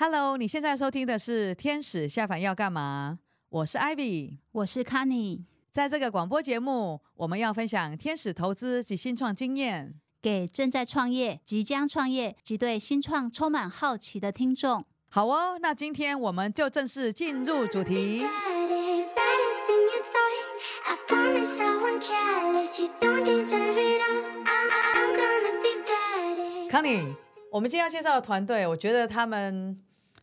Hello，你現在收聽的是《天使下凡要幹嘛》？我是 Ivy，我是 Canny。在這個廣播節目，我們要分享天使投資及新創經驗，給正在創業、即將創業及對新創充滿好奇的聽眾。好哦，那今天我們就正式進入主題。Canny，be be 我們今天要介紹的團隊，我覺得他們。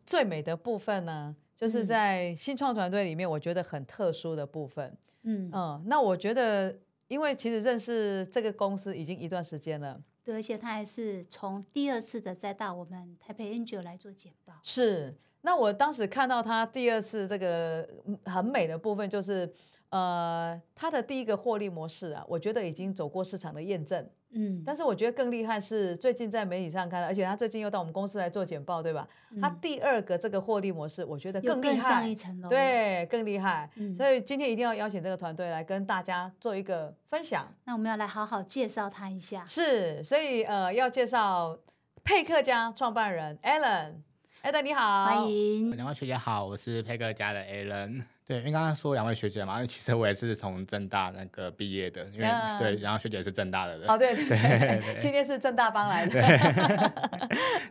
最美的部分呢、啊，就是在新創團隊裡面，我覺得很特殊的部分。嗯嗯，那我覺得，因為其實認識這個公司已經一段時間了，對，而且他還是從第二次的再到我們台北 Angel 來做簡報。是，那我當時看到他第二次這個很美的部分，就是呃，他的第一個獲利模式啊，我覺得已經走過市場的驗證。嗯，但是我覺得更厲害是最近在媒體上看到，而且他最近又到我們公司來做簡報，對吧？嗯、他第二個這個獲利模式，我覺得更厲害，更上一層樓，對，更厲害。嗯、所以今天一定要邀請這個團隊來跟大家做一個分享。那我們要來好好介紹他一下。是，所以呃，要介紹佩克家創辦人 Alan，Alan 你好，歡迎，兩位學姐好，我是佩克家的 Alan 對，因為剛剛說兩位學姐嘛，因為其實我也是從政大那個畢業的，因為 Yeah. 對，然後學姐也是政大的人。哦、oh，對對，對，對，對，今天是政大幫來的。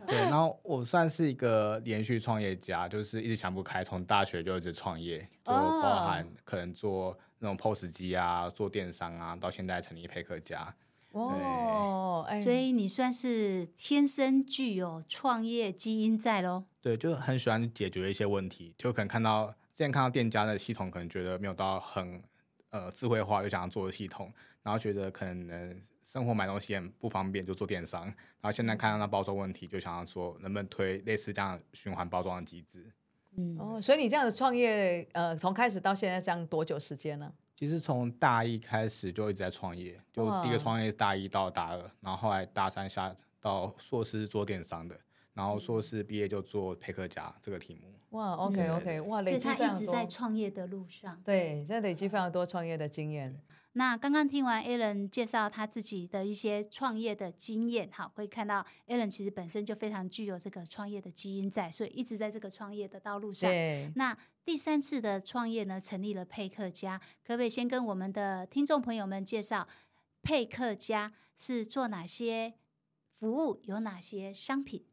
對， 對，然後我算是一個連續創業家，就是一直想不開，從大學就一直創業，就包含可能做那種 POS 機啊，做電商啊，到現在成立配客嘉。哦，所以你算是天生具有創業基因在嘍？對，就很喜歡解決一些問題，就可能看到。之前看到店家的系統，可能覺得沒有到很呃智慧化，又想要做的系統，然後覺得可能生活買東西也不方便，就做電商。然後現在看到那包裝問題，就想要說能不能推類似這樣循環包裝的機制。嗯，哦，所以你這樣的創業，呃，從開始到現在這樣多久時間呢、啊？其實從大一開始就一直在創業，就第一個創業是大一到大二，然後後來大三下到碩士做電商的。然後碩士畢業就做配客嘉這個題目。哇，OK OK，對哇，所以他一直在創業的路上。對，現在累積非常多創業的經驗。嗯、那剛剛聽完 Alan 介紹他自己的一些創業的經驗，好，可以看到 Alan 其實本身就非常具有這個創業的基因在，所以一直在這個創業的道路上。對那第三次的創業呢，成立了配客嘉，可不可以先跟我們的聽眾朋友們介紹配客嘉是做哪些服務，有哪些商品？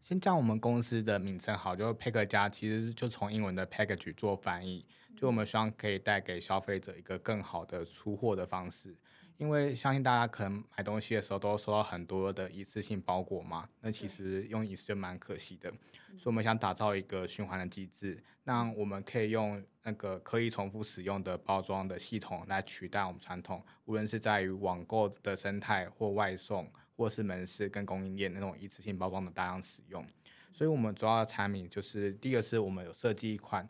先講我們公司的名稱，好，就配客嘉，其實就從英文的 PackAge+ 做翻譯，就我們希望可以帶給消費者一個更好的出貨的方式。因為相信大家可能買東西的時候都收到很多的一次性包裹嘛，那其實用一次就蠻可惜的，所以我們想打造一個循環的機制，那我們可以用那個可以重複使用的包裝的系統來取代我們傳統，無論是在於網購的生態或外送，或是門市跟供應鏈那種一次性包裝的大量使用，所以我們主要的產品就是第一個是我們有設計一款，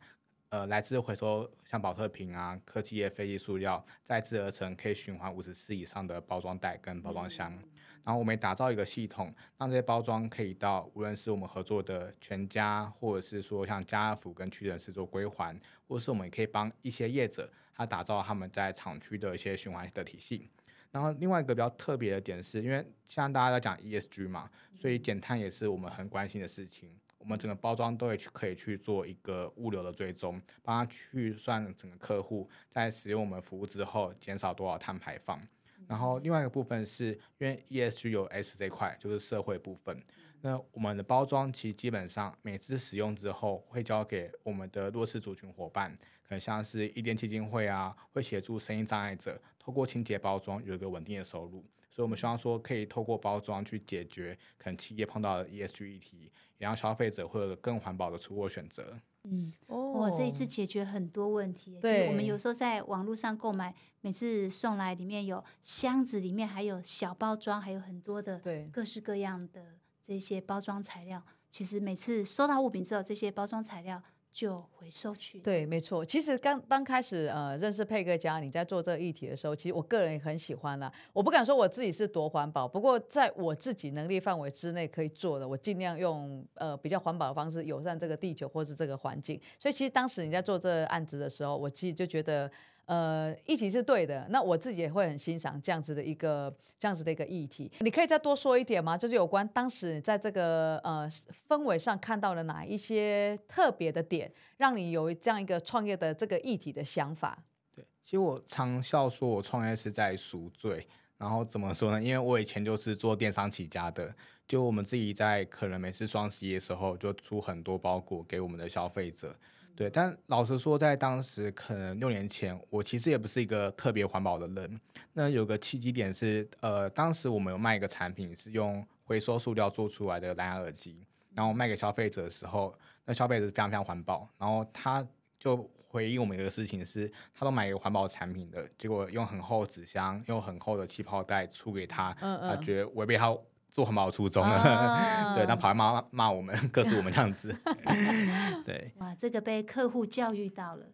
呃，來自回收像寶特瓶啊、科技業廢棄塑料再製而成，可以循環五十次以上的包裝袋跟包裝箱。嗯，然後我們打造一個系統，讓這些包裝可以到無論是我們合作的全家，或者是說像家樂福跟屈臣氏做歸還，或是我們也可以幫一些業者，他打造他們在廠區的一些循環的體系。然後另外一個比較特別的點是，因為像大家在講 ESG 嘛，所以減碳也是我們很關心的事情。我們整個包裝都會去可以去做一個物流的追蹤，幫他去算整個客戶在使用我們服務之後減少多少碳排放。然後另外一個部分是因為 ESG 有 S 這塊，就是社會部分。那我們的包裝其實基本上每次使用之後會交給我們的弱勢族群夥伴。很像是伊甸基金會啊，會協助聲音障礙者透過清潔包裝有一個穩定的收入，所以我們希望說可以透過包裝去解決可能企業碰到的 ESG 議題，也讓消費者會有更環保的出貨選擇。嗯，哇、哦哦，這一次解決很多問題。對其實我們有時候在網絡上購買，每次送來裡面有箱子，裡面還有小包裝，還有很多的各式各樣的這些包裝材料。對其實每次收到物品之後，這些包裝材料，就回收去，對，沒錯。其實剛剛開始，呃，認識配客嘉，你在做這個議題的時候，其實我個人也很喜歡啦。我不敢說我自己是多環保，不過在我自己能力範圍之內可以做的，我盡量用呃比較環保的方式，友善這個地球或者是這個環境。所以其實當時你在做這個案子的時候，我自己就覺得。呃，議題是對的，那我自己也會很欣賞這樣子的一個這樣子的一個議題。你可以再多說一點嗎？就是有關當時在這個呃氛圍上看到了哪一些特別的點，讓你有這樣一個創業的這個議題的想法？對，其實我常笑說，我創業是在贖罪。然後怎麼說呢？因為我以前就是做電商起家的，就我們自己在可能每次雙十一的時候，就出很多包裹給我們的消費者。對，但老實說，在當時可能六年前，我其實也不是一個特別環保的人。那有個契機點是，呃，當時我們有賣一個產品是用回收塑料做出來的藍牙耳機，然後賣給消費者的時候，那消費者非常非常環保，然後他就回應我們一個事情是，他都買一個環保產品的，結果用很厚紙箱，用很厚的氣泡袋出給他，他，嗯嗯啊，覺得違背他做環保初衷了、啊， 對，但跑來罵罵我們，告訴我們這樣子，啊、對。哇，這個被客戶教育到了。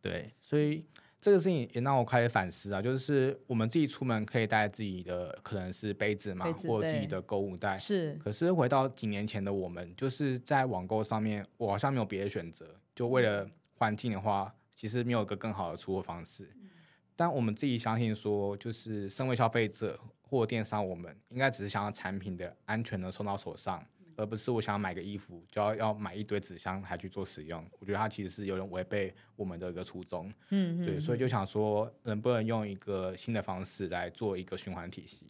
對，所以這個事情也讓我開始反思啊，就是我們自己出門可以帶自己的，可能是杯子嘛，子或自己的購物袋。是。可是回到幾年前的我們，就是在網購上面，我好像沒有別的選擇。就為了環境的話，其實沒有一個更好的出貨方式。嗯、但我們自己相信說，就是身為消費者或電商，我們應該只是想要產品的安全能送到手上，而不是我想要買個衣服就要要買一堆紙箱還去做使用。我覺得它其實是有點違背我們的一個初衷，嗯,嗯,嗯對，所以就想說能不能用一個新的方式來做一個循環體系。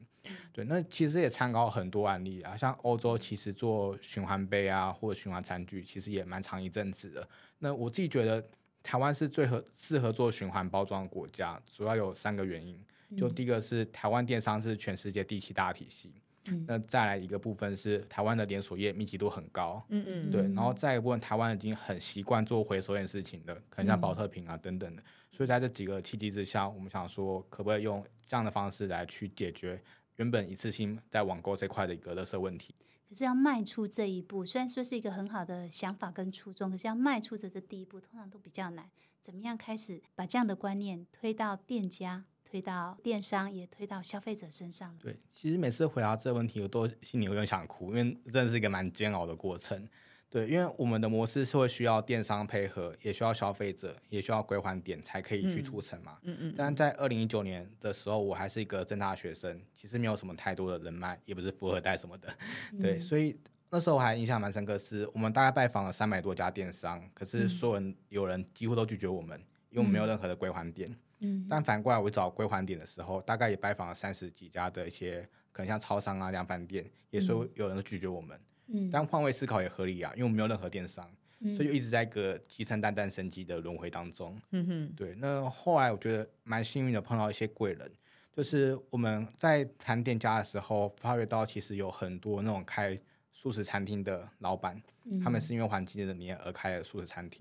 對，那其實也參考很多案例啊，像歐洲其實做循環杯啊或者循環餐具，其實也蠻長一陣子的。那我自己覺得台灣是最合適合做循環包裝的國家，主要有三個原因。就第一個是台灣電商是全世界第七大體系，嗯、那再來一個部分是台灣的連鎖業密集度很高，嗯嗯，嗯嗯，對，然後再一部分台灣已經很習慣做回收件事情了，可能像寶特瓶啊等等的，所以在這幾個契機之下，我們想說可不可以用這樣的方式來去解決原本一次性在網購這塊的一個垃圾問題。可是要邁出這一步，雖然說是一個很好的想法跟初衷，可是要邁出這這第一步通常都比較難。怎麼樣開始把這樣的觀念推到店家？推到電商，也推到消費者身上。對，其實每次回答這個問題，我都心裡有點想哭，因為真的是一個蠻煎熬的過程。對，因為我們的模式是會需要電商配合，也需要消費者，也需要歸還點才可以去促成嘛。嗯嗯。嗯嗯，但在二零一九年的時候，我還是一個政大學生，其實沒有什麼太多的人脈，也不是富二代什麼的。嗯、對，所以那時候我還印象蠻深刻，是我們大概拜訪了三百多家電商，可是所有人、嗯、有人幾乎都拒絕我們，因為我們沒有任何的歸還點。但反過來我找歸還點的時候，大概也拜訪了三十幾家的一些可能像超商啊、量販店，也說有人拒絕我們。嗯嗯、但換位思考也合理啊，因為我們沒有任何電商，嗯、所以就一直在一個雞生蛋蛋生雞的輪回當中。嗯哼對。那後來我覺得蠻幸運的，碰到一些貴人，就是我們在談店家的時候，發覺到其實有很多那種開素食餐廳的老板，嗯、哼他們是因為環境的理念而開了素食餐廳。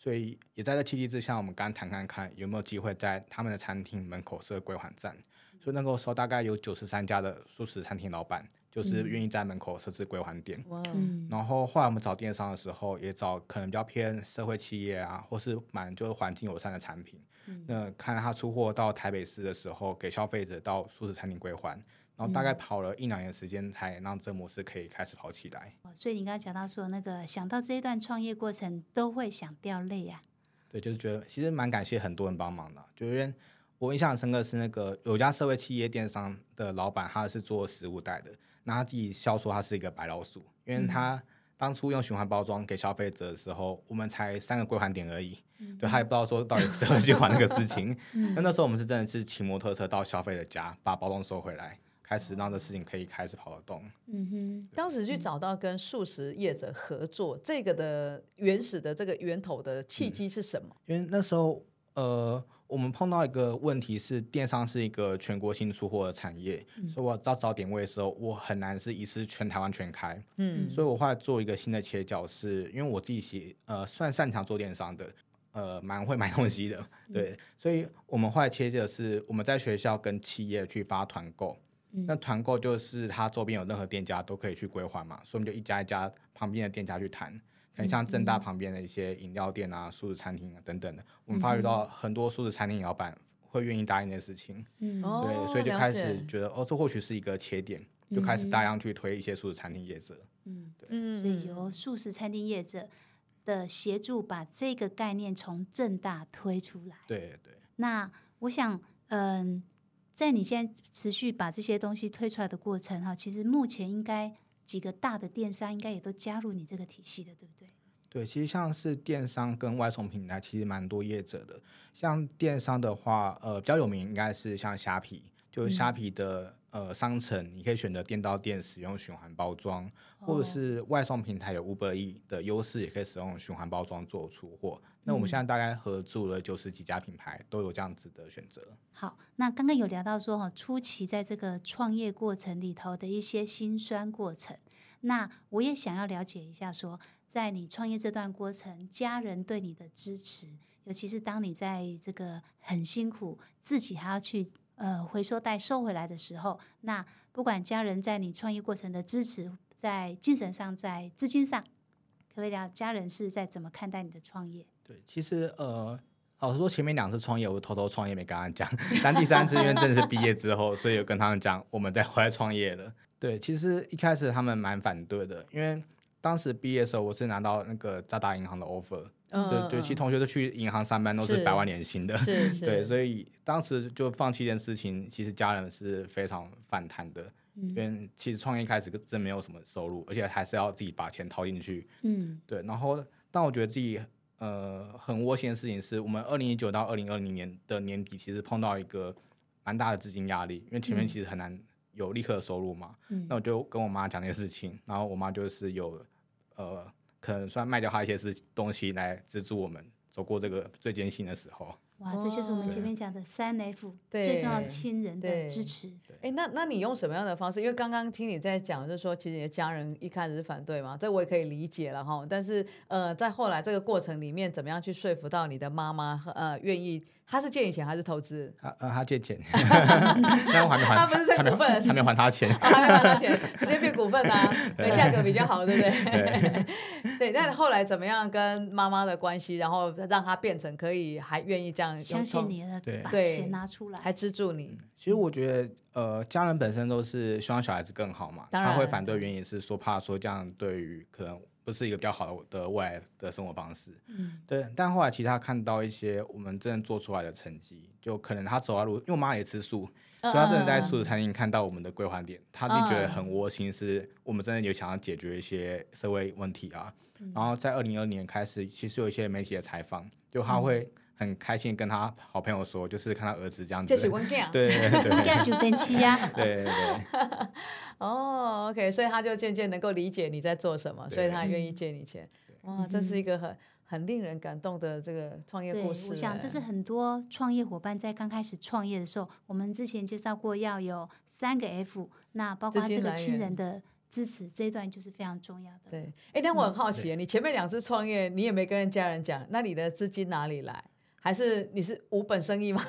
所以也在這契機之下，我們剛剛談看看有沒有機會在他們的餐廳門口設歸還站。所以那個時候大概有九十三家的素食餐廳老板，就是願意在門口設置歸還點。哇！然後後來我們找電商的時候，也找可能比較偏社會企業啊，或是蠻就是環境友善的產品。那看他出貨到台北市的時候，給消費者到素食餐廳歸還。然後大概跑了一兩年時間，才讓這模式可以開始跑起來。所以你剛剛講到說那個，想到這一段創業過程都會想掉淚啊？對，就是覺得其實蠻感謝很多人幫忙的。就因為我印象深刻是那個有家社會企業電商的老板，他是做食物袋的，那他自己笑說他是一個白老鼠，因為他當初用循環包裝給消費者的時候，我們才三個歸還點而已，對他也不知道說到底誰會去管這個事情。那、 嗯、那時候我們是真的是騎摩托車到消費者家把包裝收回來。開始讓這事情可以開始跑得動。嗯哼，對當時去找到跟素食業者合作，嗯、這個的原始的這個源頭的契機是什麼？因為那時候，呃，我們碰到一個問題是，電商是一個全國性出貨的產業，嗯、所以我要找點位的時候，我很難是一次全台灣全開。嗯，所以我後來做一個新的切角，是因為我自己是呃算擅長做電商的，呃，蠻會買東西的。嗯、對，所以我們後來切角的是我們在學校跟企業去發團購。嗯、那團購就是它周邊有任何店家都可以去歸還嘛，所以我們就一家一家旁邊的店家去談，像政大旁邊的一些飲料店啊、素食餐廳啊等等的，我們發覺到很多素食餐廳老闆會願意答應的事情，對，所以就開始覺得了解，哦，這或許是一個切點，就開始大量去推一些素食餐廳業者，嗯，對，所以由素食餐廳業者的協助，把這個概念從政大推出來，對對，對那我想，嗯。在你現在持續把這些東西推出來的過程哈，其實目前應該幾個大的電商應該也都加入你這個體系的，對不對？對，其實像是電商跟外送平台，其實蠻多業者的。像電商的話，呃，比較有名應該是像蝦皮，就是蝦皮的。嗯。呃，商城你可以選擇店到店使用循環包裝，或者是外送平台有 Uber Eats 的優勢，也可以使用循環包裝做出貨。嗯、那我們現在大概合作了九十幾家品牌，都有這樣子的選擇。好，那剛剛有聊到說哈，初期在這個創業過程裡頭的一些辛酸過程。那我也想要了解一下說，說在你創業這段過程，家人對你的支持，尤其是當你在這個很辛苦，自己還要去。呃，回收袋收回來的時候，那不管家人在你創業過程的支持，在精神上，在資金上，可不可以聊家人是在怎麼看待你的創業？對，其實呃，老實說，前面兩次創業，我都偷偷創業沒跟他講，但第三次因為真的是畢業之後， 所以有跟他們講，我們在回來創業了。對，其實一開始他們蠻反對的，因為當時畢業的時候，我是拿到那個渣打銀行的 offer。對對，其實同學都去銀行上班，都是百萬年薪的。是是。對，所以當時就放棄一件事情，其實家人是非常反彈的，嗯、因為其實創業開始真沒有什麼收入，而且還是要自己把錢掏進去。嗯。對，然後但我覺得自己呃很窩心的事情，是我們二零一九到二零二零年的年底，其實碰到一個蠻大的資金壓力，因為前面其實很難有立刻的收入嘛。嗯。那我就跟我媽講這件事情，然後我媽就是有呃。可能算賣掉他一些資東西來資助我們走過這個最艱辛的時候。哇，這就是我們前面講的三 F 對對最重要的親人的支持。哎對、欸，那那你用什麼樣的方式？因為剛剛聽你在講，就是說其實你的家人一開始是反對嘛，這我也可以理解了吼。但是呃，在後來這個過程裡面，怎麼樣去說服到你的媽媽呃願意？他是借你錢還是投資？他呃他借錢，那還沒還。他不是在股份，還沒還他錢，還沒還他錢，直接變股份吶，那價格比較好，對不對？對。對。那後來怎麼樣？跟媽媽的關係，然後讓他變成可以還願意這樣，相信你的，對，還資助你。其實我覺得，呃，家人本身都是希望小孩子更好嘛，當然他會反對原因，是說怕說這樣對於可能。不是一個比較好的未來的生活方式，嗯，對。但後來，其實他看到一些我們真正做出來的成績，就可能他走在路，因為我媽也吃素，uh, 所以他真的在素食餐廳看到我們的歸還點，他就覺得很窩心，是我們真的有想要解決一些社會問題啊。嗯、然後在二零二零年開始，其實有一些媒體的採訪，就他會。很開心跟他好朋友說，就是看他兒子這樣子，就是文景啊，對對對，文景就電器啊，對對對，哦，oh，OK，所以他就漸漸能夠理解你在做什麼，對所以他願意借你錢。對哇，這是一個很很令人感動的這個創業故事。我想這是很多創業夥伴在剛開始創業的時候，我們之前介紹過要有三個 F，那包括他這個親人的支持，這一段就是非常重要的。對，哎，但我很好奇，嗯，你前面兩次創業，你也沒跟家人講，那你的資金哪裡來？還是你是無本生意嗎？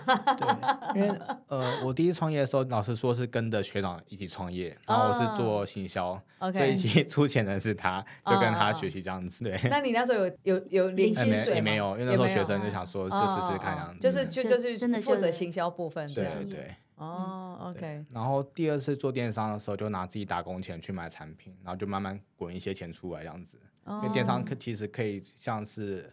對，因為呃，我第一次創業的時候，老實說是跟着學長一起創業，然後我是做行銷，所以一起出錢的是他，就跟他學習這樣子。對，那你那時候有有有領薪水沒有？因為那時候學生就想說，就試試看這樣子。就是就就是負責行銷部分。對對對。哦，OK。然後第二次做電商的時候，就拿自己打工錢去買產品，然後就慢慢滾一些錢出來，這樣子。因為電商其實可以像是。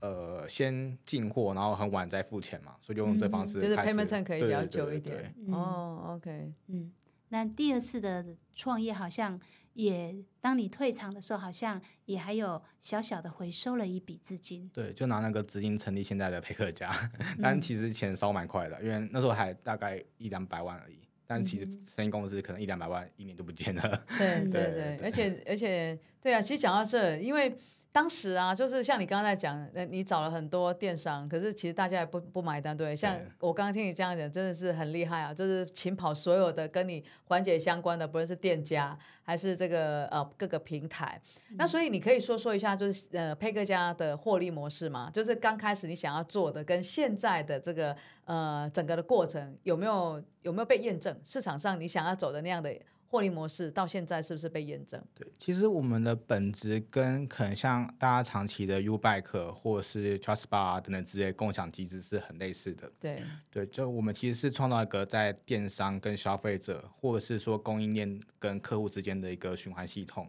呃，先進貨，然後很晚再付錢嘛，所以就用這方式、嗯。就是 payment term 可以比較久一點。哦，OK，嗯，那第二次的創業好像也，當你退場的時候，好像也還有小小的回收了一筆資金。對，就拿那個資金成立現在的配客嘉，嗯、但其實錢燒蠻快的，因為那時候還大概一兩百萬而已，但其實成立公司可能一兩百萬一年都不見了。嗯、對對對，對對而且而且對啊，其實講到這，因為。當時啊，就是像你剛才在講，你找了很多電商，可是其實大家也不不買單，對。像我剛剛聽你這樣講，真的是很厲害啊！就是勤跑所有的跟你環節相關的，不論是店家還是這個呃各個平台。嗯、那所以你可以說說一下，就是呃配客嘉的獲利模式嘛？就是剛開始你想要做的，跟現在的這個呃整個的過程有沒有有沒有被驗證？市場上你想要走的那樣的？獲利模式到現在是不是被驗證？對，其實我們的本質跟可能像大家長期的 U Bike 或者是 Trust Bar 等等之類的共享機制是很類似的。對對，就我們其實是創造一個在電商跟消費者，或者是說供應鏈跟客戶之間的一個循環系統，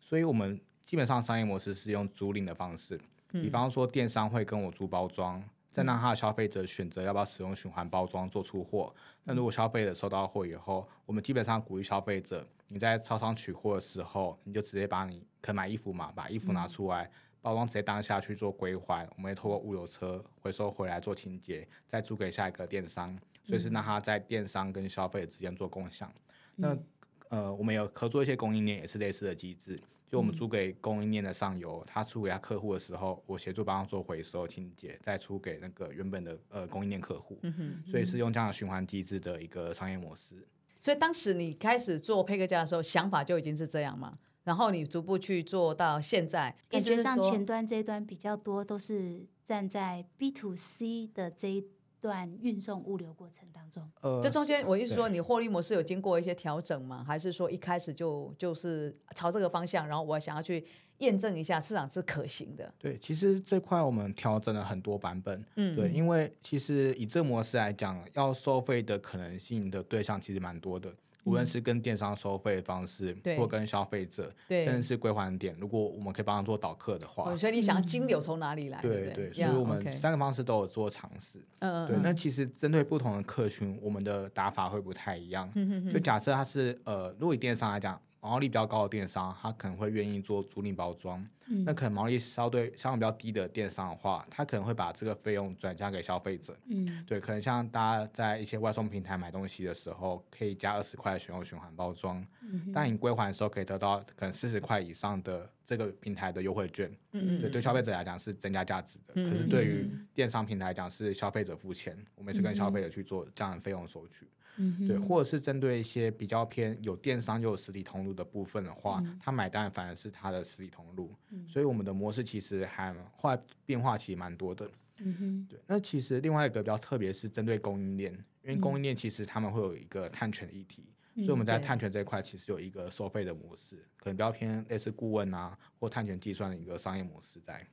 所以我們基本上商業模式是用租賃的方式，嗯、比方說電商會跟我租包裝。再讓他的消費者選擇要不要使用循環包裝做出貨。那如果消費者收到貨以後，我們基本上鼓勵消費者，你在超商取貨的時候，你就直接把你可以買衣服嘛，把衣服拿出來，嗯、包裝直接當下去做歸還。我們會透過物流車回收回來做清潔，再租給下一個電商，所以是讓他在電商跟消費者之間做共享。那、嗯呃，我們有合作一些供應鏈，也是類似的機制，就我們租給供應鏈的上游，他出給他客戶的時候，我協助幫他做回收清潔，再出給那個原本的呃供應鏈客戶。嗯哼。嗯哼，所以是用這樣的循環機制的一個商業模式。所以當時你開始做配客嘉的時候，想法就已經是這樣嘛？然後你逐步去做到現在，感覺像前端這一端比較多都是站在 B to C 的這一。段運送物流過程當中，呃、這中間我意思說，你獲利模式有經過一些調整嗎？對還是說一開始就就是朝這個方向？然後我想要去驗證一下市場是可行的。對，其實這塊我們調整了很多版本，嗯、對，因為其實以這模式來講，要收費的可能性的對象其實蠻多的。無論是跟電商收費的方式，嗯、或跟消費者，對甚至是歸還點，對如果我們可以幫他做導客的話，我覺得、哦、你想金流從哪裡來，嗯、對不對，對？Yeah, 所以我們三個方式都有做嘗試。嗯，Yeah, okay. 對。那其實針對不同的客群，我們的打法會不太一樣。嗯嗯嗯，就假設他是呃，如果以電商來講。毛利比較高的電商，他可能會願意做租賃包裝。嗯、那可能毛利相對相對比較低的電商的話，他可能會把這個費用轉嫁給消費者。嗯，對，可能像大家在一些外送平台買東西的時候，可以加二十塊的循循環包裝，嗯、哼但你歸還的時候可以得到可能四十塊以上的。這個平台的優惠券，對對，消費者來講是增加價值的。嗯、可是對於電商平台來講，是消費者付錢，嗯、我們是跟消費者去做這樣的費用收取，嗯、對，或者是針對一些比較偏有電商又有實體通路的部分的話，嗯、他買單反而是他的實體通路。嗯、所以我們的模式其實還化變化其實蠻多的。嗯對。那其實另外一個比較特別是針對供應鏈，因為供應鏈其實他們會有一個碳權的議題。所以我們在碳權這一塊其實有一個收費的模式，嗯、可能比較偏類似顧問啊或碳權計算的一個商業模式在。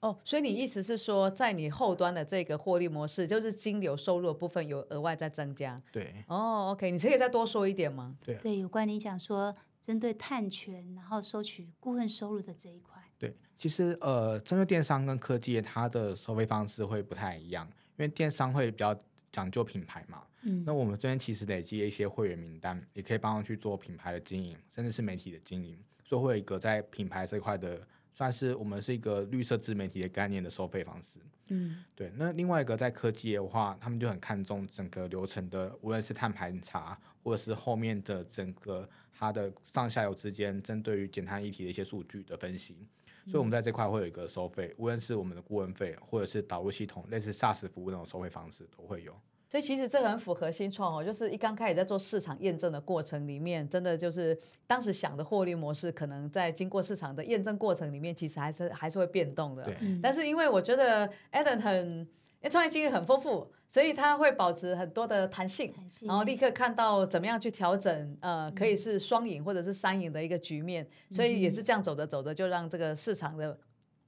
哦，所以你意思是說，在你後端的這個獲利模式，就是金流收入的部分有額外在增加？對。哦，OK，你可以再多說一點嗎？對。對，有關你講說針對碳權，然後收取顧問收入的這一塊。對，其實呃，針對電商跟科技，它的收費方式會不太一樣，因為電商會比較。講究品牌嘛，嗯，那我們這邊其實累積一些會員名單，也可以幫他去做品牌的經營，甚至是媒體的經營，所以會有一個在品牌這塊的。算是我們是一個綠色自媒體的概念的收費方式，嗯，對。那另外一個在科技的話，他們就很看重整個流程的，無論是碳盤查，或者是後面的整個它的上下游之間，針對於減碳議題的一些數據的分析，嗯，所以我們在這塊會有一個收費，無論是我們的顧問費，或者是導入系統類似 SaaS 服務那種收費方式都會有。所以其實這很符合新創哦，就是一剛開始在做市場驗證的過程裡面，真的就是當時想的獲利模式，可能在經過市場的驗證過程裡面，其實還是還是會變動的。對。嗯。但是因為我覺得 Alan 很，因為創業經驗很豐富、富，所以他會保持很多的彈性，彈性然後立刻看到怎麼樣去調整，呃，可以是雙贏或者是三贏的一個局面，所以也是這樣走着走着就讓這個市場的。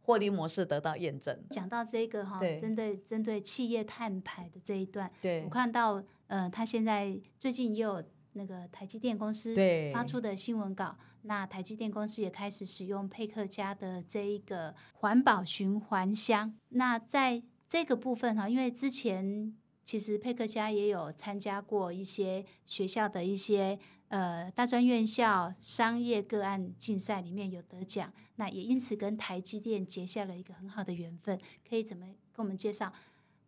獲利模式得到驗證。講到這個哈、哦，對，針對針對企業碳排的這一段，對我看到呃，他現在最近也有那個台積電公司發出的新聞稿，對那台積電公司也開始使用配客嘉的這一個環保循環箱。那在這個部分哈、哦，因為之前其實配客嘉也有參加過一些學校的一些。呃，大專院校商業個案競賽裡面有得獎，那也因此跟台積電結下了一個很好的緣分。可以怎麼跟我們介紹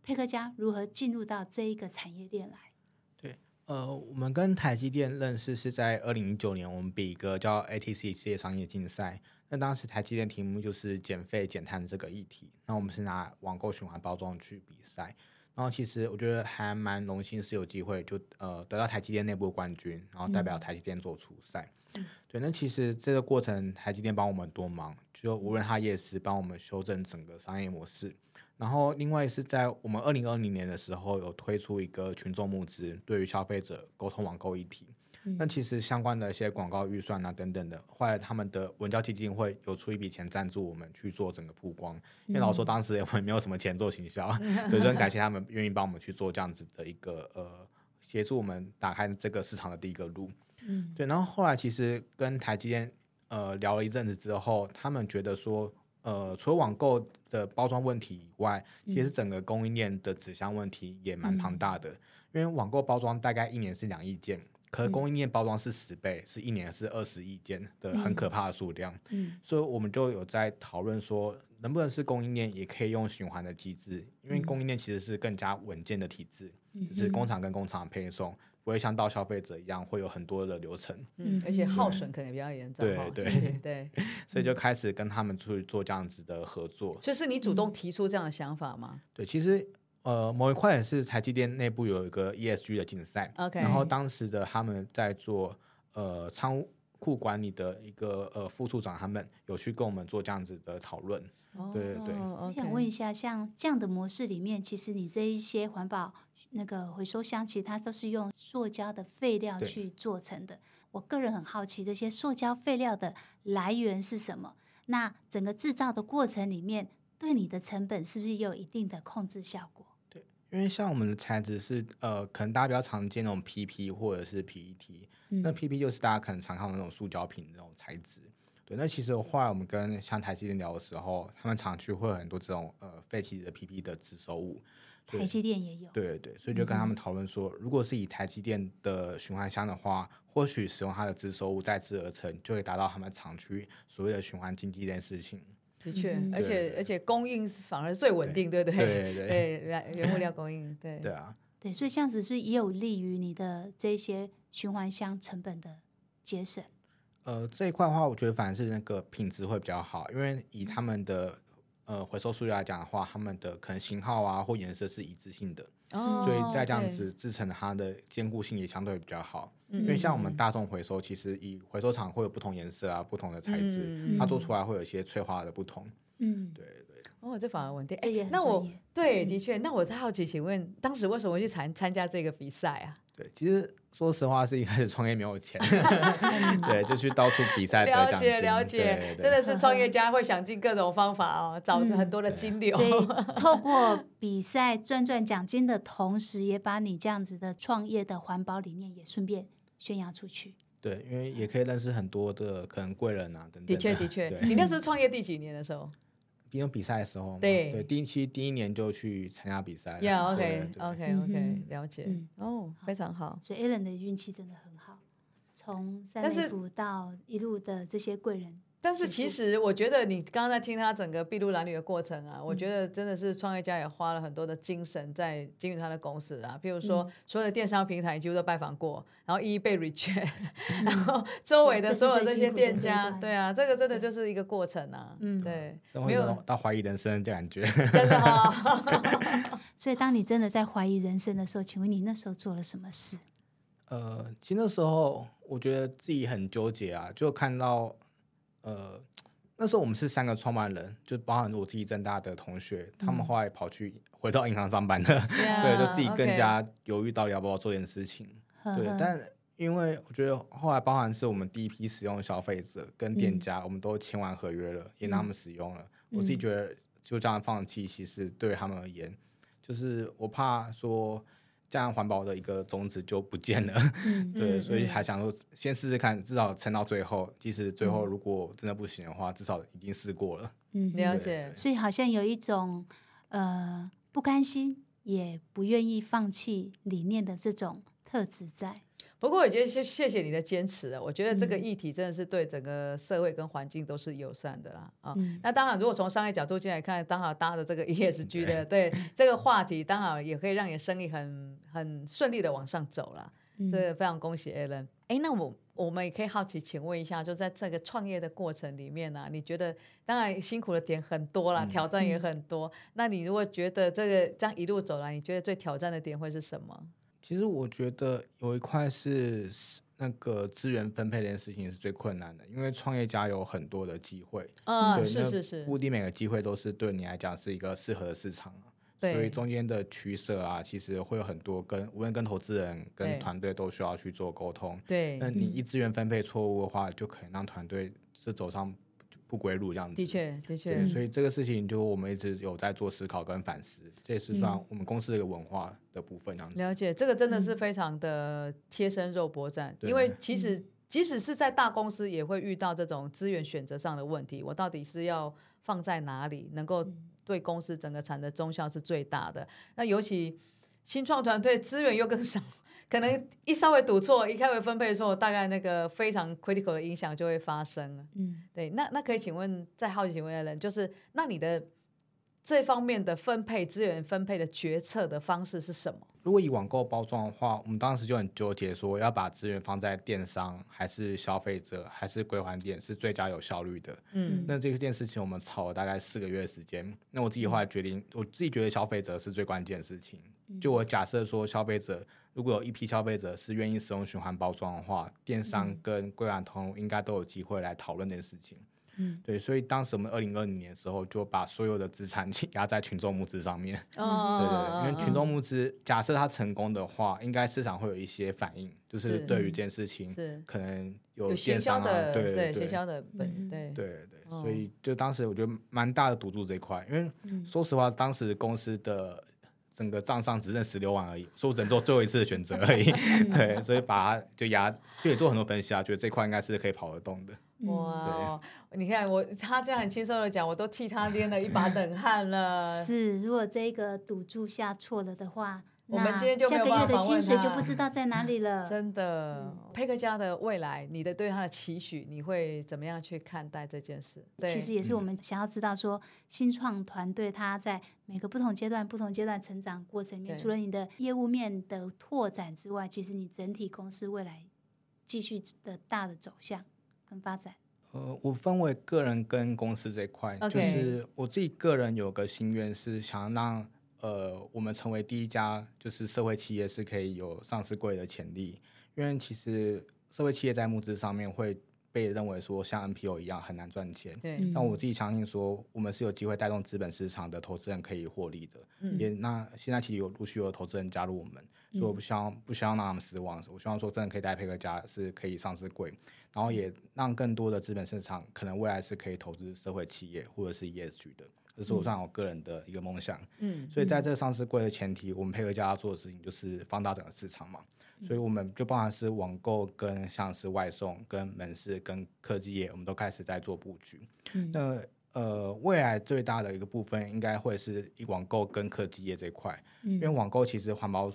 配客嘉如何進入到這一個產業鏈來？對，呃，我們跟台積電認識是在二零一九年，我們比一個叫 ATC 世界商業競賽。那當時台積電題目就是減廢減碳這個議題，那我們是拿網購循環包裝去比賽。然後其實我覺得還蠻榮幸，是有機會就呃得到台積電內部冠軍，然後代表台積電做出賽。嗯、對，那其實這個過程台積電幫我們多忙，就無論他也是幫我們修正整個商業模式，然後另外是在我們二零二零年的時候有推出一個群眾募資，對於消費者溝通網購議題。嗯、那其實相關的一些廣告預算啊等等的，後來他們的文教基金會有出一筆錢贊助我們去做整個曝光。嗯、因為老實說當時也也沒有什麼錢做行銷，所以、嗯、很感謝他們願意幫我們去做這樣子的一個呃，協助我們打開這個市場的第一個路。嗯、對。然後後來其實跟台積電呃聊了一陣子之後，他們覺得說呃，除了網購的包裝問題以外，嗯、其實整個供應鏈的紙箱問題也蠻龐大的。嗯、因為網購包裝大概一年是兩億件。可是供應鏈包裝是十倍，是一年是二十億件的很可怕的數量。 嗯、所以我們就有在討論說，能不能是供應鏈也可以用循環的機制，因為供應鏈其實是更加穩健的體制。嗯、就是工廠跟工廠配送，不會像到消費者一樣會有很多的流程，嗯，對而且耗損可能比較嚴重，對對對，對對 所以就開始跟他們出去做這樣子的合作，就，嗯、是你主動提出這樣的想法嗎？嗯、對，其實。呃，某一塊是台積電內部有一個 ESG 的競賽，Okay. 然後當時的他們在做呃倉庫管理的一個呃副處長，他們有去跟我們做這樣子的討論。Oh, 對對對，我想問一下，像這樣的模式裡面，其實你這一些環保那個回收箱，其實它都是用塑膠的廢料去做成的。對我個人很好奇，這些塑膠廢料的來源是什麼？那整個制造的過程裡面，對你的成本是不是也有一定的控制效果？因為像我們的材質是呃，可能大家比較常見那種 PP 或者是 PET，、嗯、那 PP 就是大家可能常看的那種塑膠品的那種材質。對，那其實後來我們跟像台積電聊的時候，他們廠區會有很多這種呃廢棄的 PP 的制收物，台積電也有。對對對，所以就跟他們討論說，嗯、如果是以台積電的循環箱的話，或許使用它的制收物再制而成，就會達到他們廠區所謂的循環經濟這件事情。的確，而且而且供應是反而最穩定，對，對不對？對對對，對，原原物料供應，對對啊，對，所以這樣子是不是也有利於你的這些循環箱成本的節省？呃，這一塊的話，我覺得反而是那個品質會比較好，因為以他們的呃回收數據來講的話，他們的可能型號啊或顏色是一致性的。Oh, 所以在這樣子制成，它的堅固性也相對也比較好。對因為像我們大眾回收，其實以回收廠會有不同顏色啊、不同的材質，嗯、它做出來會有一些脆化的不同。嗯，對對。哦，oh, 這反而穩定。哎，那我對的確，那我在好奇，請問當時為什麼去參參加這個比賽啊？對，其實說實話，是一開始創業沒有錢， 對，就去到處比賽得獎金。了解，了解，真的是創業家會想盡各種方法哦，嗯、找很多的金流。嗯、 透過比賽賺，賺賺獎金的同時，也把你這樣子的創業的環保理念也順便宣揚出去。對，因為也可以認識很多的可能貴人啊等等的。的確，的確，對你那時候創業第幾年的時候？因為比賽的時候，對，對對，第一期第一年就去參加比賽，Yeah，OK，OK，OK，okay,、okay, okay, 了解、嗯哼嗯、哦，非常好，好。所以 Alan 的運氣真的很好，從三立福到一路的這些貴人。但是其實我覺得，你剛剛在聽他整個篳路藍縷的過程啊，嗯、我覺得真的是創業家也花了很多的精神在經營他的公司啊。譬如說，所有的電商平台幾乎都拜訪過，然後一一被 reject，、嗯、然後周圍的所有這些店家，對啊，這個真的就是一個過程啊。嗯，對，沒有到懷疑人生的感覺。真的啊、哦。 所以，當你真的在懷疑人生的時候，請問你那時候做了什麼事？呃，其實那時候我覺得自己很糾結啊，就看到。呃，那時候我們是三個創辦人，就包含我自己政大的同學，嗯、他們後來跑去回到銀行上班了。Yeah, 對，就自己更加猶 okay 豫到底要不要做點事情。豫對，但因為我覺得後來包含是我們第一批使用的消費者跟店家，嗯、我們都簽完合約了，也讓、嗯、他們使用了。嗯、我自己覺得就這樣放棄，其實對他們而言，就是我怕說。這樣環保的一個宗旨就不見了，嗯，對，所以還想說先試試看，至少撐到最後。即使最後如果真的不行的話，至少已經試過了。嗯，了解。所以好像有一種呃不甘心，也不願意放棄理念的這種特質在。不過我覺得謝謝謝你的堅持了、啊、我覺得這個議題真的是對整個社會跟環境都是友善的啦、嗯、啊。那當然，如果從商業角度進來看，剛好搭着這個 ESG 的，嗯、對，對 這個話題，剛好也可以讓你的生意很很順利的往上走了。嗯、這個非常恭喜 Allen。哎，那我我們也可以好奇，請問一下，就在這個創業的過程裡面呢、啊，你覺得當然辛苦的點很多啦，嗯、挑戰也很多。嗯嗯、那你如果覺得這個這樣一路走來，你覺得最挑戰的點會是什麼？其實我覺得有一塊是那個資源分配這件事情是最困難的，因為創業家有很多的機會，啊、對，是是是，不一定每個機會都是對你來講是一個適合的市場，對所以中間的取舍啊，其實會有很多跟無論跟投資人、對跟團隊都需要去做溝通，對，那你一資源分配錯誤的話，就可能讓團隊是走上不歸路這樣子的，的確的確，對，所以這個事情就我們一直有在做思考跟反思，嗯、這也是算我們公司一個文化的部分這樣子、嗯。了解，這個真的是非常的貼身肉搏戰，嗯、因為即使、嗯、即使是在大公司，也會遇到這種資源選擇上的問題，我到底是要放在哪裡，能夠對公司整個產業的綜效是最大的。那尤其新創團隊資源又更少，可能一稍微讀錯，一稍微分配錯，大概那個非常 critical 的影響就會發生了。嗯，對，那那可以請問，在好奇行為的人，就是那你的。這方面的分配資源、分配的決策的方式是什麼？如果以網購包裝的話，我們當時就很糾結說，說要把資源放在電商還是消費者還是歸還店是最佳有效率的。嗯，那這件事情我們吵了大概四個月時間。那我自己後來決定，我自己覺得消費者是最關鍵的事情。就我假設說，消費者如果有一批消費者是願意使用循環包裝的話，電商跟歸還通應該都有機會來討論這件事情。嗯，對，所以當時我們二零二零年的時候就把所有的資產壓在群眾募資上面。哦、嗯，對，對對，因為群眾募資，假設他成功的話，應該市場會有一些反應，就是對於這件事情，是可能有電商、啊、有行銷的，對對對，行銷的本，對對對，所以就當時我覺得蠻大的賭注這一塊，因為說實話，當時公司的。整個賬上只剩十六萬而已，所以只能做最後一次的選擇而已。 嗯、對，所以把它就押，就也做很多分析啊，覺得這塊應該是可以跑得動的。嗯、對哇、哦，你看我他這樣很輕鬆的講，我都替他捏了一把冷汗了。 是，如果這個賭注下錯了的話。那我們今天就下個月的薪水就不知道在哪裡了。 真的，嗯、配客嘉的未來，你的對他的期許，你會怎麼樣去看待這件事？對，其實也是我們想要知道說，說、嗯、新創團隊他在每個不同階段、不同階段成長過程裡面，對除了你的業務面的拓展之外，其實你整體公司未來繼續的大的走向跟發展。呃，我分為個人跟公司這一塊，Okay. 就是我自己個人有個心願是想要讓。呃，我們成為第一家就是社會企業是可以有上市櫃的潛力，因為其實社會企業在募資上面會被認為說像 NPO 一樣很難賺錢。對但我自己相信說，我們是有機會帶動資本市場的投資人可以獲利的。嗯、也，那現在其實有陸續有投資人加入我們，所以我不希望不希望讓他們失望。我希望說真的可以帶配客嘉是可以上市櫃，然後也讓更多的資本市場可能未來是可以投資社會企業或者是 ESG 的。這是我算我個人的一個夢想，嗯，所以在這上市櫃的前提，嗯、我們配客嘉要做的事情就是放大整個市場嘛，嗯、所以我們就包含是網購跟像是外送、跟門市跟科技業，我們都開始在做布局。嗯、那呃，未來最大的一個部分應該會是網購跟科技業這塊，嗯、因為網購其實環保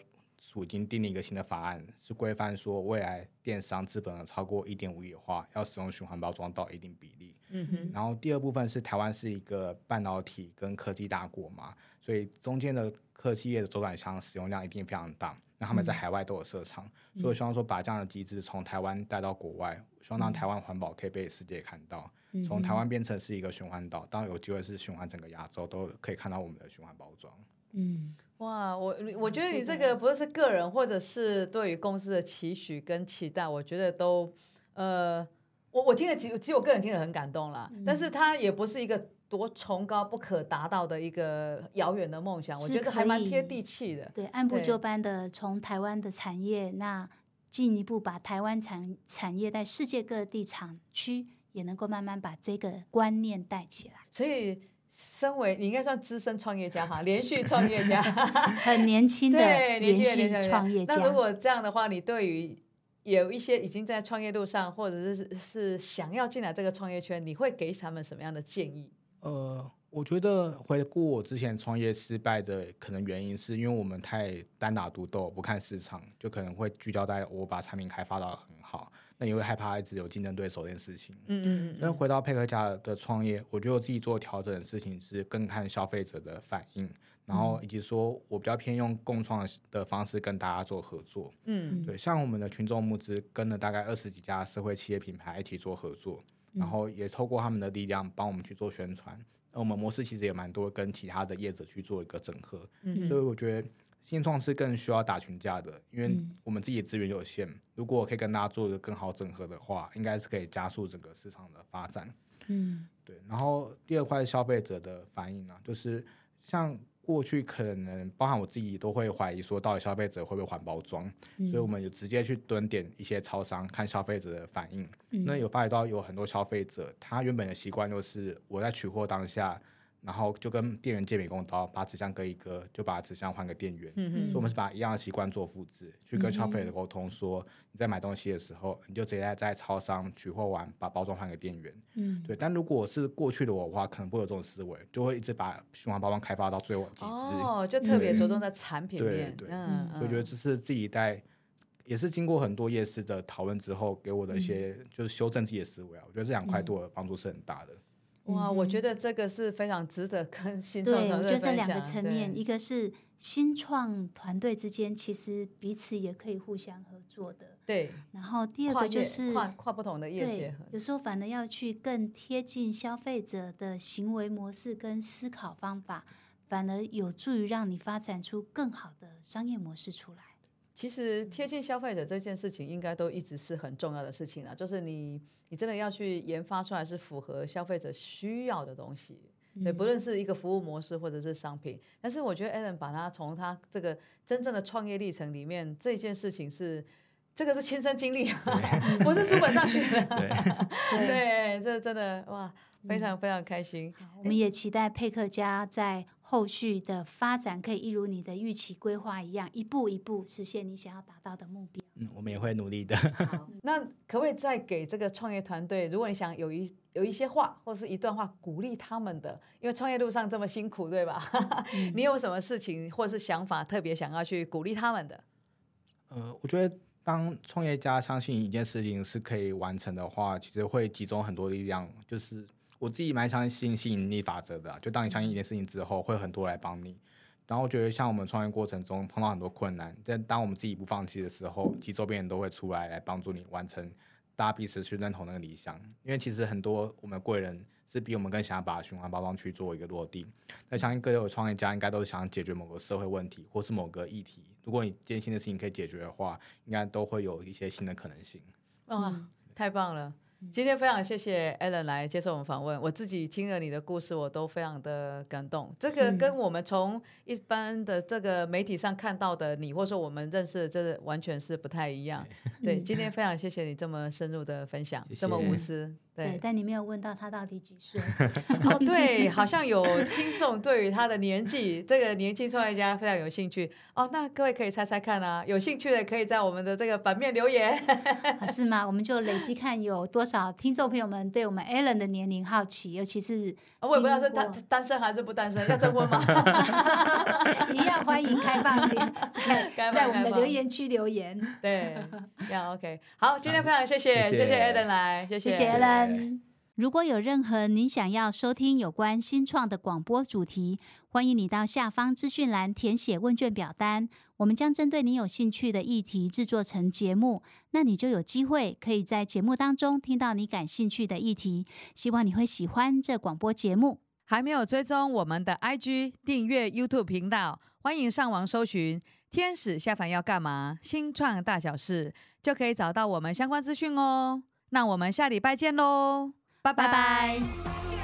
署已經定了一個新的法案，是規範說未來電商資本超過一點五億的話，要使用循環包裝到一定比例。嗯哼。然後第二部分是台灣是一個半導體跟科技大國嘛，所以中間的科技業的周轉箱使用量一定非常大，那、嗯、他們在海外都有設廠，所以希望說把這樣的機制從台灣帶到國外，希望讓台灣環保可以被世界看到，嗯、哼從台灣變成是一個循環島，當然有機會是循環整個亞洲都可以看到我們的循環包裝。嗯，哇，我我覺得你這個不是個人，啊這個、人或者是對於公司的期許跟期待，我覺得都呃，我我聽得其其實我個人聽得很感動啦，嗯、但是它也不是一個多崇高不可達到的一個遙遠的夢想，我覺得還蠻貼地氣的，對，對，按部就班的從台灣的產業，對那進一步把台灣產產業在世界各地廠區，也能夠慢慢把這個觀念帶起來，所以。身為你應該算資深創業家哈，連續創業家， 很年輕的連續創業家。創業家。那如果這樣的話，你對於有一些已經在創業路上，或者是是想要進來這個創業圈，你會給他們什麼樣的建議？呃，我覺得回顧我之前創業失敗的可能原因，是因為我們太單打獨鬥，不看市場，就可能會聚焦在我把產品開發到很好。也會害怕一直有競爭對手這件事情。嗯嗯，那、嗯、回到配客嘉的創業，我覺得我自己做調整的事情是更看消費者的反應，嗯、然後以及說我比較偏用共創的方式跟大家做合作。嗯，嗯。對，像我們的群眾募資跟了大概二十幾家社會企業品牌一起做合作，嗯嗯，然後也透過他們的力量幫我們去做宣傳。那我們模式其實也蠻多跟其他的業者去做一個整合。嗯，嗯。所以我覺得。新創是更需要打群架的，因為我們自己的資源有限，嗯、如果可以跟大家做一個更好整合的話，應該是可以加速整個市場的發展。嗯，對。然後第二塊是消費者的反應呢、啊，就是像過去可能，包含我自己都會懷疑說，到底消費者會不會還包裝？嗯、所以我們就直接去蹲點一些超商，看消費者的反應。嗯、那有發覺到有很多消費者，他原本的習慣就是我在取貨當下。然後就跟店員借美工刀，把紙箱割一割，就把紙箱換給店員。嗯、哼所以，我們是把一樣的習慣做複製，去跟消費者溝通說：嗯、哼你在買東西的時候，你就直接在，在超商取貨完，把包裝換給店員。嗯，對。但如果是過去的我的話，可能不會有這種思維，就會一直把循環包裝開發到最晚期。哦，就特別着重在產品面。對對。對對，嗯嗯，所以，我覺得這是這一代也是經過很多夜市的討論之後，給我的一些、嗯、就是修正自己的思維啊。我覺得這兩塊對我的幫助是很大的。嗯哇，嗯、哼我覺得這個是非常值得跟新創團隊分享對，就這兩個層面，對一個是新創團隊之間其實彼此也可以互相合作的。對。然後第二個就是跨跨,跨不同的業界。對，有時候反而要去更貼近消費者的行為模式跟思考方法，反而有助於讓你發展出更好的商業模式出來。其實貼近消費者這件事情，應該都一直是很重要的事情啊。就是你，你真的要去研發出來是符合消費者需要的東西，對，不論是一個服務模式或者是商品。嗯、但是我覺得 a 倫把他從他這個真正的創業歷程裡面這件事情是，這個是親身經歷、啊，對不是書本上學的。對，這真的哇，非常非常開心。嗯、我們也期待佩克家在。後續的發展可以一如你的預期規劃一樣，一步一步實現你想要達到的目標。嗯，我們也會努力的。好，那可不可以再給這個創業團隊，如果你想有一有一些話或是一段話鼓勵他們的，因為創業路上這麼辛苦，對吧？ 你有什麼事情或是想法特別想要去鼓勵他們的？呃，我覺得當創業家相信一件事情是可以完成的話，其實會集中很多力量，就是。我自己蠻相信吸引力法則的啊，就當你相信一件事情之後，會很多來幫你。然後我覺得像我們創業過程中碰到很多困難，但當我們自己不放棄的時候，其實周邊人都會出來來幫助你完成。大家彼此去認同那個理想，因為其實很多我們貴人是比我們更想要把循環包裝去做一個落地。那相信各位創業家應該都是想解決某個社會問題，或是某個議題。如果你堅信的事情可以解決的話，應該都會有一些新的可能性。哇、嗯對哦，太棒了！今天非常謝謝 Alan 來接受我們訪問，我自己聽了你的故事，我都非常的感動。這個跟我們從一般的這個媒體上看到的你，或者說我們認識的，這完全是不太一樣。對，今天非常謝謝你這麼深入的分享，這麼無私。謝謝對，但你沒有問到他到底幾歲哦。對，好像有聽眾對於他的年紀，這個年輕創業家非常有興趣哦。那各位可以猜猜看啊，有興趣的可以在我們的這個版面留言，是嗎？我們就累積看有多少聽眾朋友們對我們 Alan 的年齡好奇，尤其是我也不知道是單身還是不單身，要徵婚嗎？一樣歡迎開放的，在我們的留言區留言。對，要 OK。好，今天非常謝謝，謝謝 Alan 來，謝謝。如果有任何您想要收聽有關新創的廣播主題，歡迎你到下方資訊欄填寫問卷表單，我們將針對你有興趣的議題制作成節目，那你就有機會可以在節目當中聽到你感興趣的議題。希望你會喜歡這廣播節目。還沒有追蹤我們的 IG，訂閱 YouTube 頻道，歡迎上網搜尋“天使下凡要幹嘛”、“新創大小事”，就可以找到我們相關資訊哦。那我們下禮拜見嘍，拜拜。拜拜。